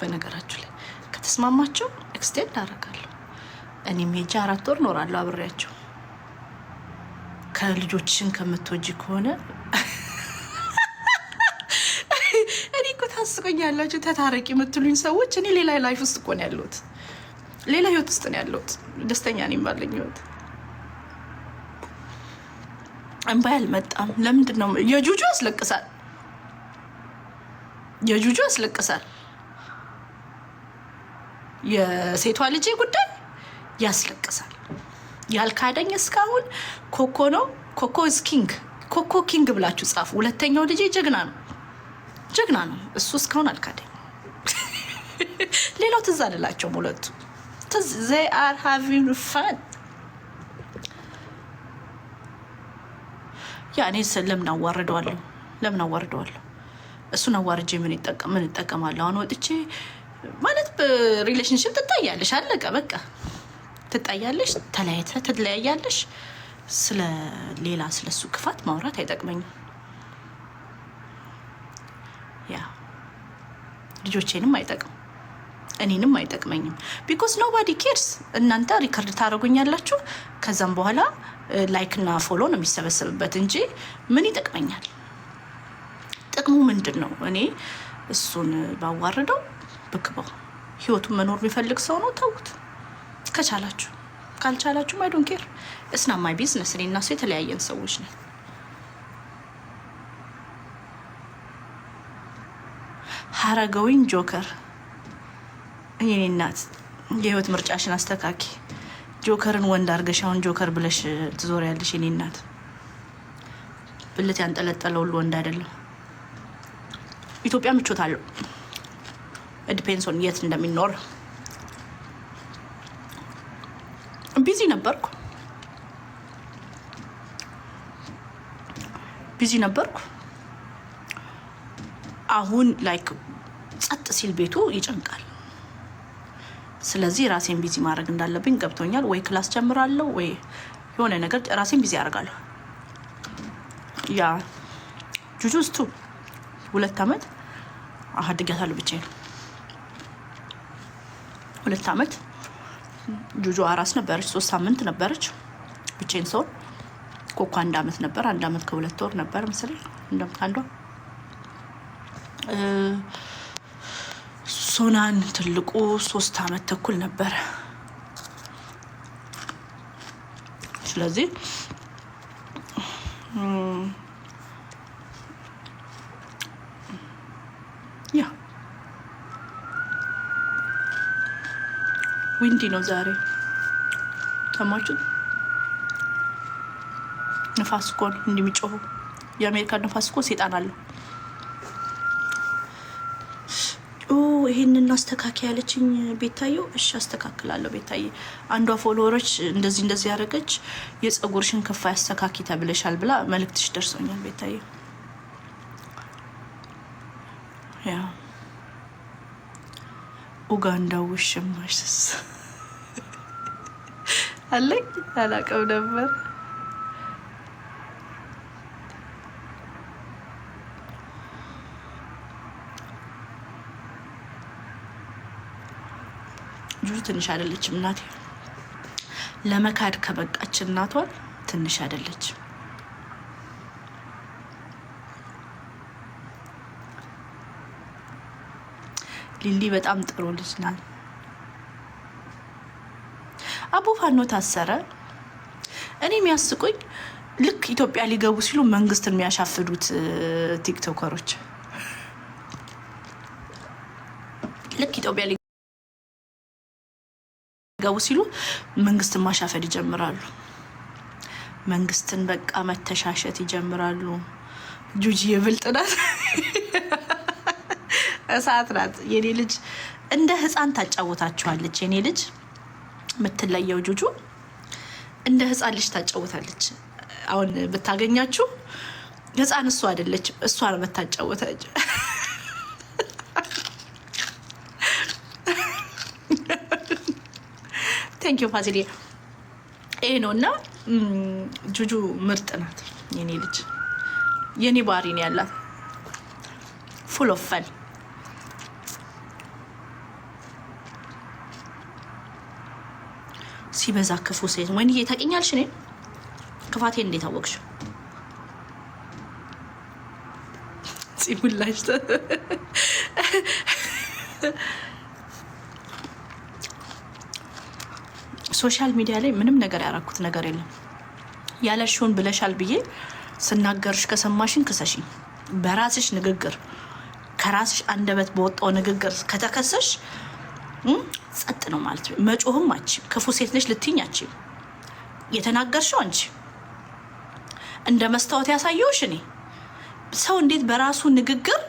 በነገራችሁ ላይ ከተስማማቸው ኤክስቴንድ አደርጋለሁ። እኔም ሄጄ አራት ወር እኖራለሁ አብሬያቸው። ከልጆችን ከምትወጂ ከሆነ እኔ እኮ ታስቆኛላችሁ። ተታረቂ የምትሉኝ ሰዎች እኔ ሌላ ላይፍ ውስጥ እኮ ነው ያለሁት፣ ሌላ ህይወት ውስጥ ነው ያለሁት። ደስተኛ ነኝ ባለኝ ህይወት። እንባ አልመጣም። ለምንድን ነው የጁጁ ያስለቅሳል? የጁጁ ያስለቅሳል። የሴቷ ልጄ ጉዳይ ያስለቅሳል። ያልካደኝ እስካሁን ኮኮ ነው። ኮኮ ኢዝ ኪንግ፣ ኮኮ ኪንግ ብላችሁ ጻፉ። ሁለተኛው ልጄ ጀግና ነው፣ ጀግና ነው እሱ እስካሁን አልካደኝ። ሌላው ትዝ አልላቸውም ሁለቱ they are having fun ያ እኔ ለምን አዋርደዋለሁ? ለምን አዋርደዋለሁ? እሱን አዋርጄ ምን ይጠቀማለሁ? አሁን ወጥቼ ማለት በሪሌሽንሽፕ ትታያለሽ፣ አለቀ በቃ ትታያለሽ፣ ተለያይተ ትለያያለሽ። ስለ ሌላ ስለሱ ክፋት ማውራት አይጠቅመኝም። ያ ልጆቼንም አይጠቅም እኔንም አይጠቅመኝም። ቢኮዝ ኖባዲ ኬርስ። እናንተ ሪከርድ ታደርጉኛላችሁ፣ ከዛም በኋላ ላይክና ፎሎ ነው የሚሰበሰብበት እንጂ ምን ይጠቅመኛል? ጥቅሙ ምንድን ነው? እኔ እሱን ባዋርደው ብክበው ህይወቱን መኖር የሚፈልግ ሰው ነው ተውት፣ ከቻላችሁ ካልቻላችሁም አይዶን ኬር እስና ማይ ቢዝነስ። እኔ እና እሱ የተለያየን ሰዎች ነን። ሀረገዊን ጆከር የኔ እናት የህይወት ምርጫሽን አስተካኪ። ጆከርን ወንድ አርገሽ አሁን ጆከር ብለሽ ትዞሪያለሽ። የኔ እናት ብልት ያንጠለጠለውል ወንድ አይደለም። ኢትዮጵያ ምቾት አለው። ዲፔንሶን የት እንደሚኖር ቢዚ ነበርኩ ቢዚ ነበርኩ። አሁን ላይክ ጸጥ ሲል ቤቱ ይጨንቃል። ስለዚህ ራሴን ቢዚ ማድረግ እንዳለብኝ ገብቶኛል። ወይ ክላስ ጀምራለሁ ወይ የሆነ ነገር ራሴን ቢዚ አደርጋለሁ። ያ ጁጁስቱ ሁለት ዓመት አድጊያታለሁ ብቻዬን ሁለት አመት ጁጁ አራስ ነበረች። ሶስት ሳምንት ነበረች። ብቼን ሰውን ኮኮ አንድ አመት ነበር። አንድ አመት ከሁለት ወር ነበር መሰለኝ እንደምታንዷ ሶናን ትልቁ ሶስት አመት ተኩል ነበረ። ስለዚህ ዊንዲ ነው ዛሬ ሰማችሁ? ንፋስ እኮ እንደሚጮሁ የአሜሪካ ንፋስ እኮ ሴጣን አለው። ይሄንን አስተካከ ያለችኝ ቤታየው። እሺ አስተካክላለሁ ቤታዬ። አንዷ ፎሎወሮች እንደዚህ እንደዚህ ያደረገች የጸጉርሽን ክፋይ አስተካኪ ተብለሻል ብላ መልእክትሽ ደርሶኛል ቤታየው። ኡጋንዳው ውሽማሽስ አለኝ አላቀው ነበር። ጁ ትንሽ አይደለችም እናቴ ለመካድ ከበቃች እናቷን ትንሽ አይደለችም። ሊሊ በጣም ጥሩ ልጅ ናት። አቡ ፋኖ ታሰረ። እኔ የሚያስቁኝ ልክ ኢትዮጵያ ሊገቡ ሲሉ መንግስትን የሚያሻፍዱት ቲክቶከሮች ልክ ኢትዮጵያ ሊገቡ ሲሉ መንግስትን ማሻፈድ ይጀምራሉ። መንግስትን በቃ መተሻሸት ይጀምራሉ። ጁጂ የብልጥ ናት። እሳት ናት የኔ ልጅ። እንደ ህፃን ታጫወታችኋለች የኔ ልጅ የምትለየው ጁጁ እንደ ህፃን ልጅ ታጫወታለች። አሁን ብታገኛችሁ ህፃን እሱ አይደለች እሷ ነው የምታጫወታችሁ። ቴንክ ዩ ፋሲሌ። ይሄ ነው እና ጁጁ ምርጥ ናት የኔ ልጅ፣ የኔ ባህሪ ነው ያላት ፉል ኦፍ ፈን ሲበዛ ክፉ ሴት ወይንዬ ታውቂኛለሽ። እኔ ክፋቴን እንዴት አወቅሽ? ፂሙላሽ ሶሻል ሚዲያ ላይ ምንም ነገር ያደረኩት ነገር የለም። ያለሽውን ብለሻል ብዬ ስናገርሽ ከሰማሽን ክሰሽኝ። በራስሽ ንግግር ከራስሽ አንደበት በወጣው ንግግር ከተከሰሽ ጸጥ ነው ማለት ነው። መጮህም አንቺ ክፉ ሴት ነች ልትኝ አንቺ የተናገርሽው አንቺ እንደ መስታወት ያሳየውሽ እኔ ሰው እንዴት በራሱ ንግግር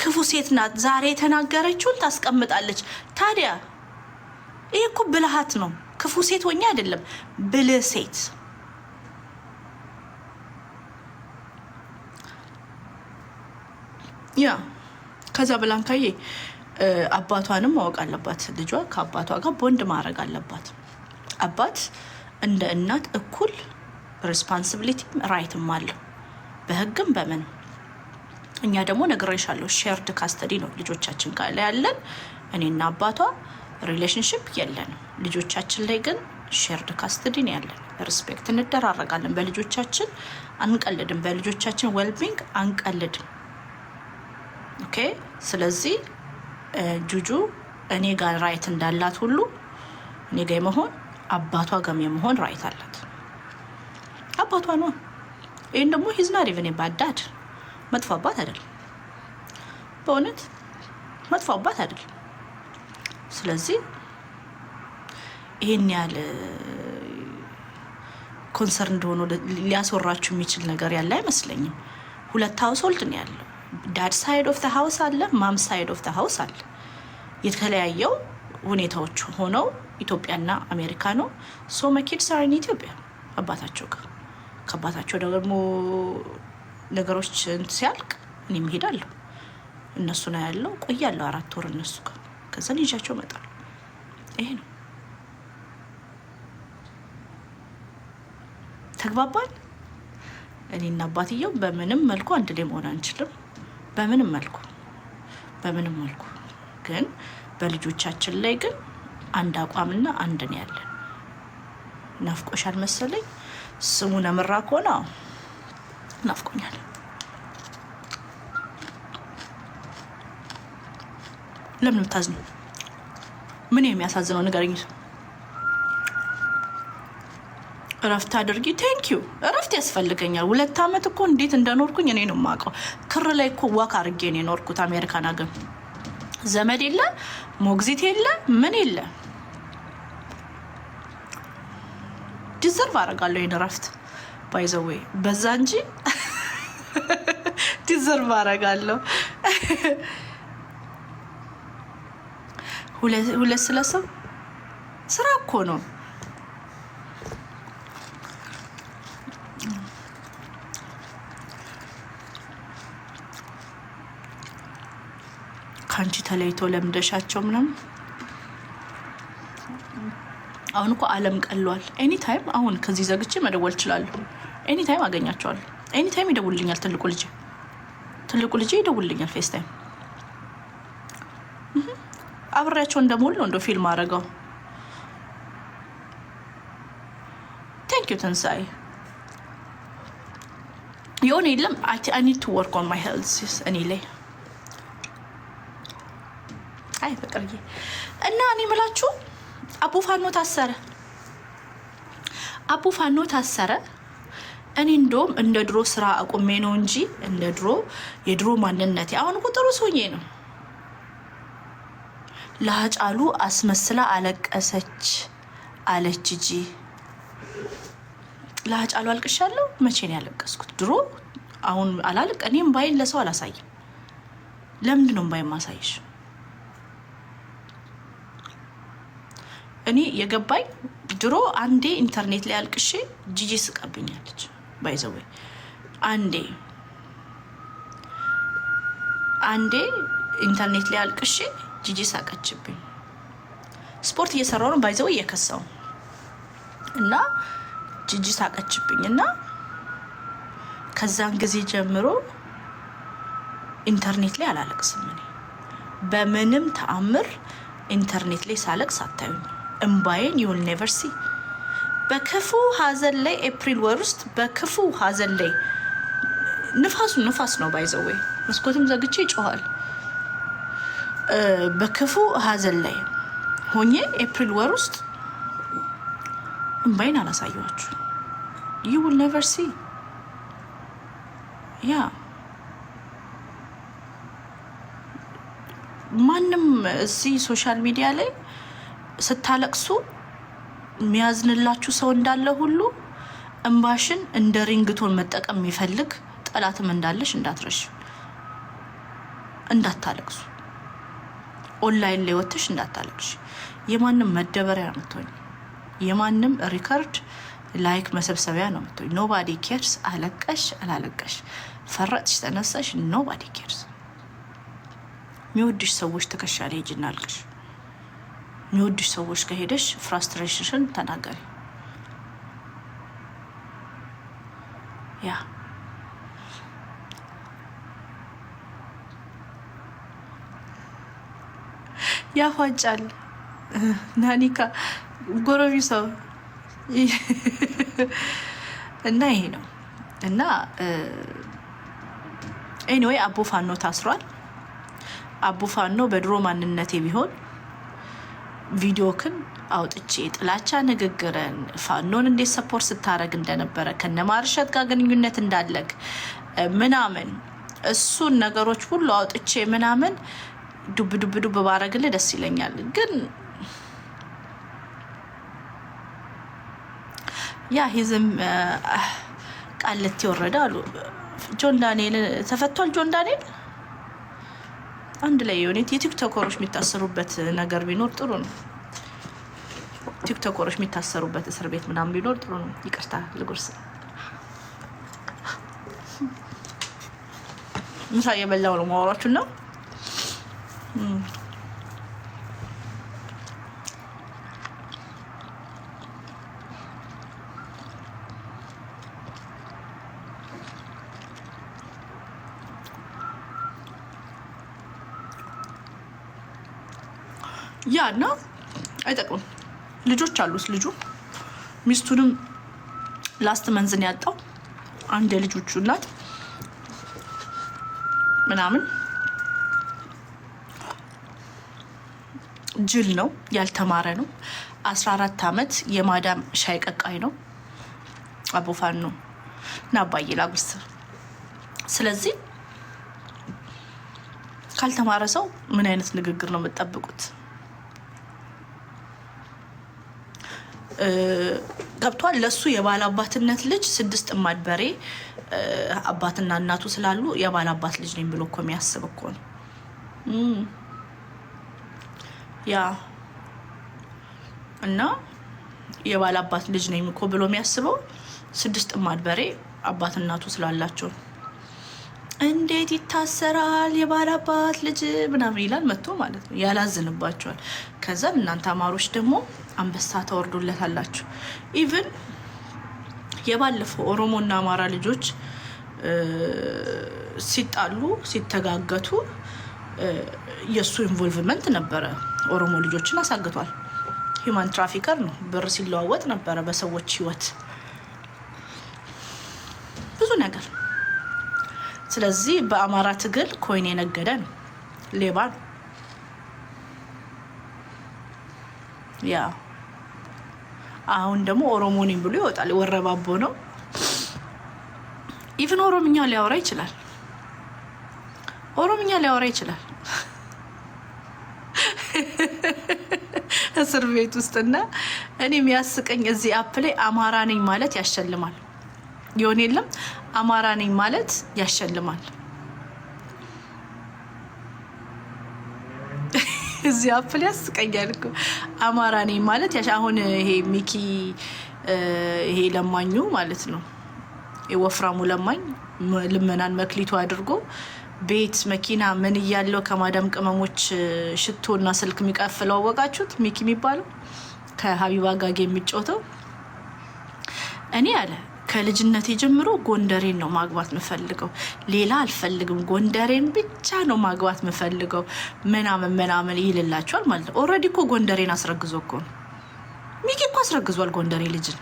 ክፉ ሴት ናት ዛሬ የተናገረችውን ታስቀምጣለች። ታዲያ ይህ እኮ ብልሃት ነው። ክፉ ሴት ወኛ አይደለም ብልህ ሴት ያ ከዛ ብላንካዬ አባቷንም ማወቅ አለባት። ልጇ ከአባቷ ጋር ቦንድ ማድረግ አለባት። አባት እንደ እናት እኩል ሬስፓንሲቢሊቲ ራይትም አለው በህግም በምን እኛ ደግሞ ነግሬሻለሁ፣ ሼርድ ካስተዲ ነው ልጆቻችን ጋር ያለን። እኔና አባቷ ሪሌሽንሽፕ የለንም። ልጆቻችን ላይ ግን ሼርድ ካስተዲ ነው ያለን። ሪስፔክት እንደራረጋለን። በልጆቻችን አንቀልድም። በልጆቻችን ዌልቢንግ አንቀልድም። ኦኬ። ስለዚህ ጁጁ እኔ ጋር ራይት እንዳላት ሁሉ እኔ ጋ የመሆን አባቷ ጋም የመሆን ራይት አላት። አባቷ ነው። ይህን ደግሞ ሂዝናር ኢቨን ባዳድ መጥፎ አባት አይደለም። በእውነት መጥፎ አባት አይደለም። ስለዚህ ይህን ያህል ኮንሰርን እንደሆነ ሊያስወራችሁ የሚችል ነገር ያለ አይመስለኝም። ሁለት ሀውስ ሆልድ ነው ያለው። ዳድ ሳይድ ኦፍ ሀውስ አለ፣ ማም ሳይድ ኦፍ ሀውስ አለ። የተለያየው ሁኔታዎች ሆነው ኢትዮጵያና አሜሪካ ነው። ሶ መኪድ ሳሪን ኢትዮጵያ አባታቸው ጋር ከአባታቸው ደግሞ ነገሮች ሲያልቅ እኔም ሄዳለሁ። እነሱ ነው ያለው ቆያለሁ፣ አራት ወር እነሱ ጋር ከዛ ልጃቸው እመጣለሁ። ይሄ ነው ተግባባል። እኔና አባትየው በምንም መልኩ አንድ ላይ መሆን አንችልም። በምንም መልኩ በምንም መልኩ ግን በልጆቻችን ላይ ግን አንድ አቋምና አንድ ነው ያለን። ናፍቆሻል መሰለኝ። ስሙን አምራ ከሆነ ናፍቆኛል። ለምን ምታዝነው? ምን የሚያሳዝነው ንገረኝ። እረፍት አድርጊ። ቴንኪዩ እረፍት ያስፈልገኛል። ሁለት ዓመት እኮ እንዴት እንደኖርኩኝ እኔ ነው የማውቀው። ክር ላይ እኮ ዋክ አድርጌ ነው የኖርኩት። አሜሪካን አገር ዘመድ የለ ሞግዚት የለ ምን የለ። ዲዘርቭ አደርጋለሁ ይህን እረፍት ባይዘዌ በዛ እንጂ ዲዘርቭ አደርጋለሁ። ሁለት ስለሰብ ስራ እኮ ነው ከአንቺ ተለይቶ ለምደሻቸው ምናምን አሁን እኮ አለም ቀሏል። ኤኒ ታይም አሁን ከዚህ ዘግቼ መደወል እችላለሁ። ኤኒ ታይም አገኛቸዋል ኤኒ ታይም ይደውልኛል። ትልቁ ልጅ ትልቁ ልጅ ይደውልኛል። ፌስ ታይም አብሬያቸው እንደሞል ነው እንደ ፊልም አረገው። ቴንክ ዩ ትንሳኤ። የሆነ የለም አይ ኒድ ቱ ወርክ ኦን ማይ ሄልዝ እኔ ላይ አይ ፍቅርዬ እና እኔ ምላችሁ አቡ ፋኖ ታሰረ፣ አቡ ፋኖ ታሰረ። እኔ እንደውም እንደ ድሮ ስራ አቁሜ ነው እንጂ እንደ ድሮ የድሮ ማንነት አሁን ቁጥሩ ሶኜ ነው። ለሀጫሉ አስመስላ አለቀሰች አለች እጂ ለሀጫሉ አልቅሻለሁ። መቼ ነው ያለቀስኩት? ድሮ አሁን አላልቅ። እኔም ባይን ለሰው አላሳይም። ለምንድን ነው ባይን ማሳይሽ? እኔ የገባኝ ድሮ አንዴ ኢንተርኔት ላይ አልቅሼ ጂጂ ስቀብኛለች። ባይዘወይ አንዴ አንዴ ኢንተርኔት ላይ አልቅሼ ጂጂ ሳቀችብኝ። ስፖርት እየሰራው ነው ባይዘወይ እየከሳው እና ጂጂ ሳቀችብኝ እና ከዛን ጊዜ ጀምሮ ኢንተርኔት ላይ አላለቅስም እኔ በምንም ተአምር ኢንተርኔት ላይ ሳለቅስ አታዩኝ። እምባዬን ዩል ኔቨር ሲ በክፉ ሀዘን ላይ ኤፕሪል ወር ውስጥ በክፉ ሀዘን ላይ ንፋሱ ንፋስ ነው። ባይዘዌ መስኮትም ዘግቼ ይጮኋል። በክፉ ሀዘን ላይ ሆኜ ኤፕሪል ወር ውስጥ እምባይን አላሳየኋችሁ። ዩ ውል ኔቨር ሲ ያ ማንም እዚህ ሶሻል ሚዲያ ላይ ስታለቅሱ የሚያዝንላችሁ ሰው እንዳለ ሁሉ እምባሽን እንደ ሪንግቶን መጠቀም የሚፈልግ ጠላትም እንዳለሽ እንዳትረሽ። እንዳታለቅሱ ኦንላይን ላይ ወጥተሽ እንዳታለቅሽ። የማንም መደበሪያ ነው የምትሆኝ። የማንም ሪከርድ ላይክ መሰብሰቢያ ነው የምትሆኝ። ኖባዲ ኬርስ አለቀሽ አላለቀሽ፣ ፈረጥሽ ተነሳሽ፣ ኖባዲ ኬርስ። የሚወድሽ ሰዎች ትከሻ ላይ ሂጂና የሚወዱሽ ሰዎች ከሄደሽ ፍራስትሬሽንሽን ተናገሪ። ያ ያፋጫል ናኒካ ጎረቢ ሰው እና ይሄ ነው እና ኤኒዌይ አቦ ፋኖ ታስሯል። አቦ ፋኖ በድሮ ማንነቴ ቢሆን ቪዲዮክን አውጥቼ ጥላቻ ንግግርን ፋኖን እንዴት ሰፖርት ስታደረግ እንደነበረ ከነማርሸት ጋር ግንኙነት እንዳለግ ምናምን እሱን ነገሮች ሁሉ አውጥቼ ምናምን ዱብ ዱብ ዱብ ባረግልህ ደስ ይለኛል። ግን ያ ሂዝም ቃልት ይወረዳሉ። ጆን ዳንኤል ተፈቷል። ጆን ዳንኤል አንድ ላይ የሆኔት የቲክቶከሮች የሚታሰሩበት ነገር ቢኖር ጥሩ ነው። ቲክቶከሮች የሚታሰሩበት እስር ቤት ምናምን ቢኖር ጥሩ ነው። ይቅርታ ልጉርስ። ምሳ እየበላሁ ነው። ማወራችሁ ነው። ያ እና አይጠቅምም። ልጆች አሉት ልጁ ሚስቱንም ላስት መንዝን ያጣው አንድ የልጆቹ እናት ምናምን ጅል ነው፣ ያልተማረ ነው። አስራ አራት አመት የማዳም ሻይ ቀቃይ ነው። አቦፋን ነው እና አባዬ ላጉስ። ስለዚህ ካልተማረ ሰው ምን አይነት ንግግር ነው የምጠብቁት? ገብቷል። ለሱ አባትነት ልጅ ስድስት እማድ በሬ አባትና እናቱ ስላሉ አባት ልጅ ነኝ ብሎ እኮ የሚያስብ እኮ ነው። ያ እና አባት ልጅ ነኝ እኮ ብሎ የሚያስበው ስድስት እማድ በሬ አባት እናቱ ስላላቸው እንዴት ይታሰራል አባት ልጅ ምናምን ይላል መጥቶ ማለት ነው። ያላዝንባቸዋል። ከዛ እናንተ አማሮች ደግሞ አንበሳ ተወርዶለታላችሁ። ኢቭን የባለፈው ኦሮሞና አማራ ልጆች ሲጣሉ ሲተጋገቱ የእሱ ኢንቮልቭመንት ነበረ። ኦሮሞ ልጆችን አሳግቷል። ሂውማን ትራፊከር ነው። ብር ሲለዋወጥ ነበረ በሰዎች ህይወት ብዙ ነገር። ስለዚህ በአማራ ትግል ኮይን የነገደ ነው፣ ሌባ ነው። ያ አሁን ደግሞ ኦሮሞ ነኝ ብሎ ይወጣል። ወረባቦ ነው። ኢቭን ኦሮምኛ ሊያወራ ይችላል። ኦሮምኛ ሊያወራ ይችላል እስር ቤት ውስጥና እኔ የሚያስቀኝ እዚህ አፕ ላይ አማራ ነኝ ማለት ያሸልማል። የሆን የለም አማራ ነኝ ማለት ያሸልማል። እዚህ አፕል ያስቀኛል እኮ አማራ ነኝ ማለት ያ አሁን ይሄ ሚኪ ይሄ ለማኙ ማለት ነው። የወፍራሙ ለማኝ ልመናን መክሊቱ አድርጎ ቤት መኪና ምን እያለው ከማዳም ቅመሞች ሽቶና ስልክ የሚቀፍለው አወቃችሁት። ሚኪ የሚባለው ከሀቢባ ጋጌ የሚጫወተው እኔ አለ ከልጅነቴ ጀምሮ ጎንደሬን ነው ማግባት ምፈልገው፣ ሌላ አልፈልግም፣ ጎንደሬን ብቻ ነው ማግባት ምፈልገው ምናምን ምናምን ይልላቸዋል ማለት ነው። ኦልሬዲ እኮ ጎንደሬን አስረግዞ እኮ ነው ሚኪ እኮ አስረግዟል ጎንደሬ ልጅን።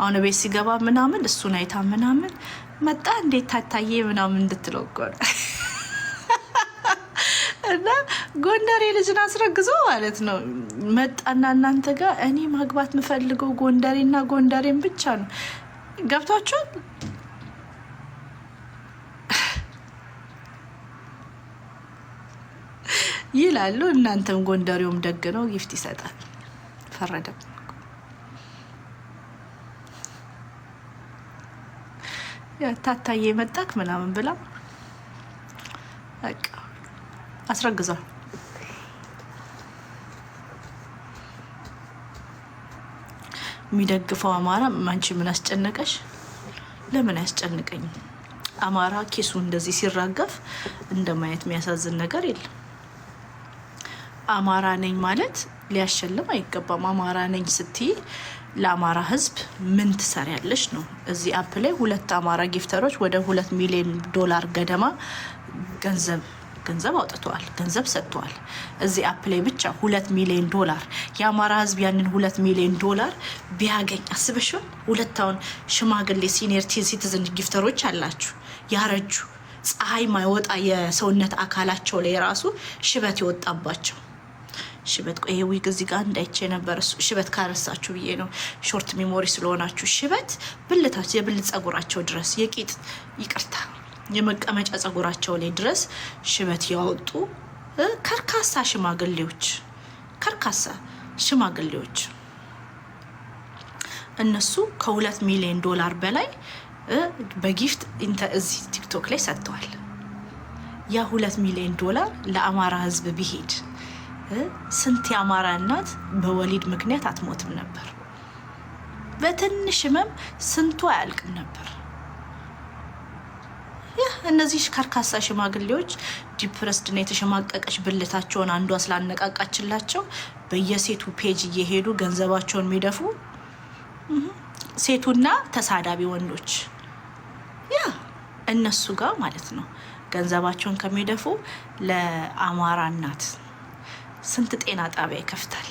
አሁን ቤት ሲገባ ምናምን እሱን አይታ ምናምን መጣ እንዴት ታታዬ ምናምን እንድትለው እኮ ነው ጎንደሬ ልጅን አስረግዞ ማለት ነው መጣና እናንተ ጋር እኔ ማግባት የምፈልገው ጎንደሬና ጎንደሬን ብቻ ነው። ገብቷችሁ ይላሉ። እናንተም ጎንደሬውም ደግ ነው፣ ጊፍት ይሰጣል። ፈረደም ታታዬ መጣክ ምናምን ብላ አስረግዟል። የሚደግፈው አማራ አንቺ ምን አስጨነቀሽ? ለምን አያስጨንቀኝም? አማራ ኪሱ እንደዚህ ሲራገፍ እንደማየት የሚያሳዝን ነገር የለም። አማራ ነኝ ማለት ሊያሸልም አይገባም። አማራ ነኝ ስትይ ለአማራ ህዝብ ምን ትሰሪያለሽ ነው። እዚህ አፕ ላይ ሁለት አማራ ጊፍተሮች ወደ ሁለት ሚሊዮን ዶላር ገደማ ገንዘብ ገንዘብ አውጥተዋል፣ ገንዘብ ሰጥተዋል። እዚህ አፕ ላይ ብቻ ሁለት ሚሊዮን ዶላር የአማራ ህዝብ ያንን ሁለት ሚሊዮን ዶላር ቢያገኝ አስበሽን ሁለታውን ሽማግሌ ሲኒየር ሲቲዝን ጊፍተሮች አላችሁ ያረጁ ፀሐይ ማይወጣ የሰውነት አካላቸው ላይ ራሱ ሽበት የወጣባቸው ሽበት ቆይ ዊግ እዚህ ጋር እንዳይቼ ነበር። ሽበት ካረሳችሁ ብዬ ነው። ሾርት ሜሞሪ ስለሆናችሁ ሽበት ብልታችሁ የብልት ጸጉራቸው ድረስ የቂጥ ይቅርታ የመቀመጫ ጸጉራቸው ላይ ድረስ ሽበት ያወጡ ከርካሳ ሽማግሌዎች ከርካሳ ሽማግሌዎች እነሱ ከሁለት ሚሊዮን ዶላር በላይ በጊፍት እዚህ ቲክቶክ ላይ ሰጥተዋል። ያ ሁለት ሚሊዮን ዶላር ለአማራ ሕዝብ ቢሄድ ስንት የአማራ እናት በወሊድ ምክንያት አትሞትም ነበር። በትንሽ ህመም ስንቱ አያልቅም ነበር። እነዚህ ከርካሳ ሽማግሌዎች ዲፕረስድና የተሸማቀቀች ብልታቸውን አንዷ ስላነቃቃችላቸው በየሴቱ ፔጅ እየሄዱ ገንዘባቸውን የሚደፉ ሴቱና ተሳዳቢ ወንዶች ያ እነሱ ጋር ማለት ነው። ገንዘባቸውን ከሚደፉ ለአማራ እናት ስንት ጤና ጣቢያ ይከፍታል?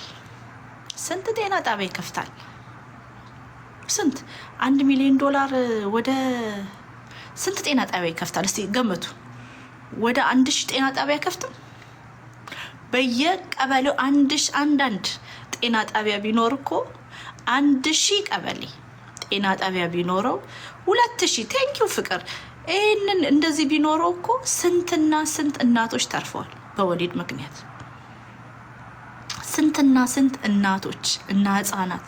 ስንት ጤና ጣቢያ ይከፍታል? ስንት አንድ ሚሊዮን ዶላር ወደ ስንት ጤና ጣቢያ ይከፍታል? እስቲ ገመቱ። ወደ አንድ ሺህ ጤና ጣቢያ አይከፍትም? በየቀበሌው አንድ ሺህ አንዳንድ ጤና ጣቢያ ቢኖር እኮ አንድ ሺህ ቀበሌ ጤና ጣቢያ ቢኖረው ሁለት ሺህ ቴንኪው ፍቅር፣ ይህንን እንደዚህ ቢኖረው እኮ ስንትና ስንት እናቶች ተርፈዋል በወሊድ ምክንያት ስንትና ስንት እናቶች እና ህጻናት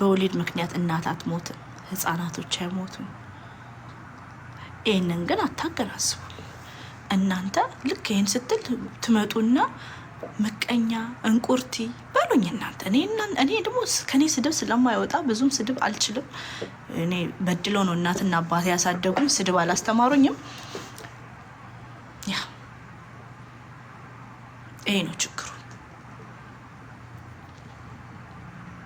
በወሊድ ምክንያት እናት አትሞትም፣ ህጻናቶች አይሞቱም። ይህንን ግን አታገናዝቡ። እናንተ ልክ ይህን ስትል ትመጡና ምቀኛ እንቁርቲ በሉኝ እናንተ። እኔ ደግሞ ከኔ ስድብ ስለማይወጣ ብዙም ስድብ አልችልም። እኔ በድሎ ነው እናትና አባት ያሳደጉኝ፣ ስድብ አላስተማሩኝም። ያ ይሄ ነው ችግር።